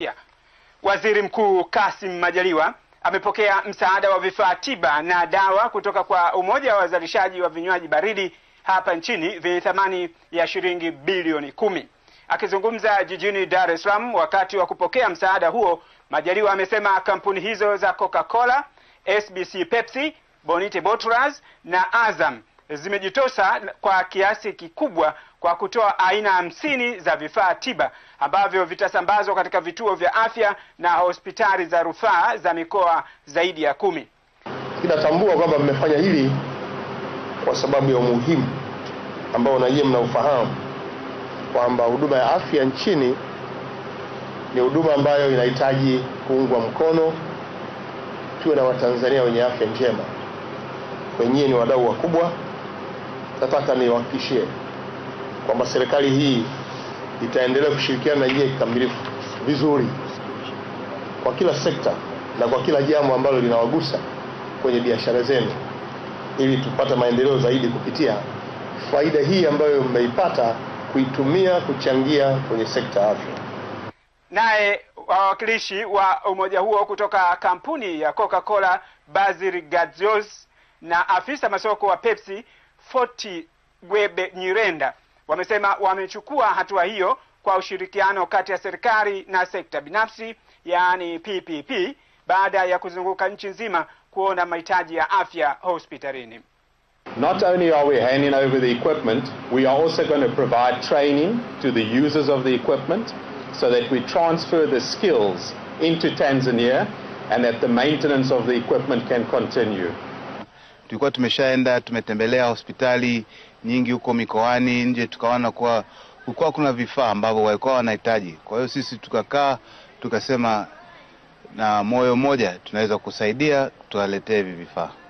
Yeah. Waziri Mkuu Kassim Majaliwa amepokea msaada wa vifaa tiba na dawa kutoka kwa Umoja wa Wazalishaji wa Vinywaji Baridi hapa nchini vyenye thamani ya shilingi bilioni kumi. Akizungumza jijini Dar es Salaam wakati wa kupokea msaada huo, Majaliwa amesema kampuni hizo za Coca-Cola, SBC Pepsi, Bonite Bottlers na Azam zimejitosa kwa kiasi kikubwa kwa kutoa aina hamsini za vifaa tiba ambavyo vitasambazwa katika vituo vya afya na hospitali za rufaa za mikoa zaidi ya kumi. Inatambua kwamba mmefanya hili kwa sababu ya umuhimu ambao na nyie mnaufahamu kwamba huduma ya afya nchini ni huduma ambayo inahitaji kuungwa mkono. Tuwe na Watanzania wenye afya njema, wenyewe ni wadau wakubwa nataka niwahakikishie kwamba serikali hii itaendelea kushirikiana na nyie kikamilifu vizuri kwa kila sekta na kwa kila jambo ambalo linawagusa kwenye biashara zenu ili tupate maendeleo zaidi kupitia faida hii ambayo mmeipata kuitumia kuchangia kwenye sekta ya afya. Naye wawakilishi uh, wa umoja huo kutoka kampuni ya Coca-Cola Basil Gazios na afisa masoko wa Pepsi Foti Gwebe Nyirenda wamesema wamechukua hatua hiyo kwa ushirikiano kati ya serikali na sekta binafsi, yaani PPP, baada ya kuzunguka nchi nzima kuona mahitaji ya afya hospitalini. Not only are we handing over the equipment, we are also going to provide training to the users of the equipment so that we transfer the skills into Tanzania and that the maintenance of the equipment can continue tulikuwa tumeshaenda tumetembelea hospitali nyingi huko mikoani nje, tukaona kuwa kulikuwa kuna vifaa ambavyo walikuwa wanahitaji. Kwa hiyo sisi tukakaa tukasema, na moyo mmoja tunaweza kusaidia tuwaletee hivi vifaa.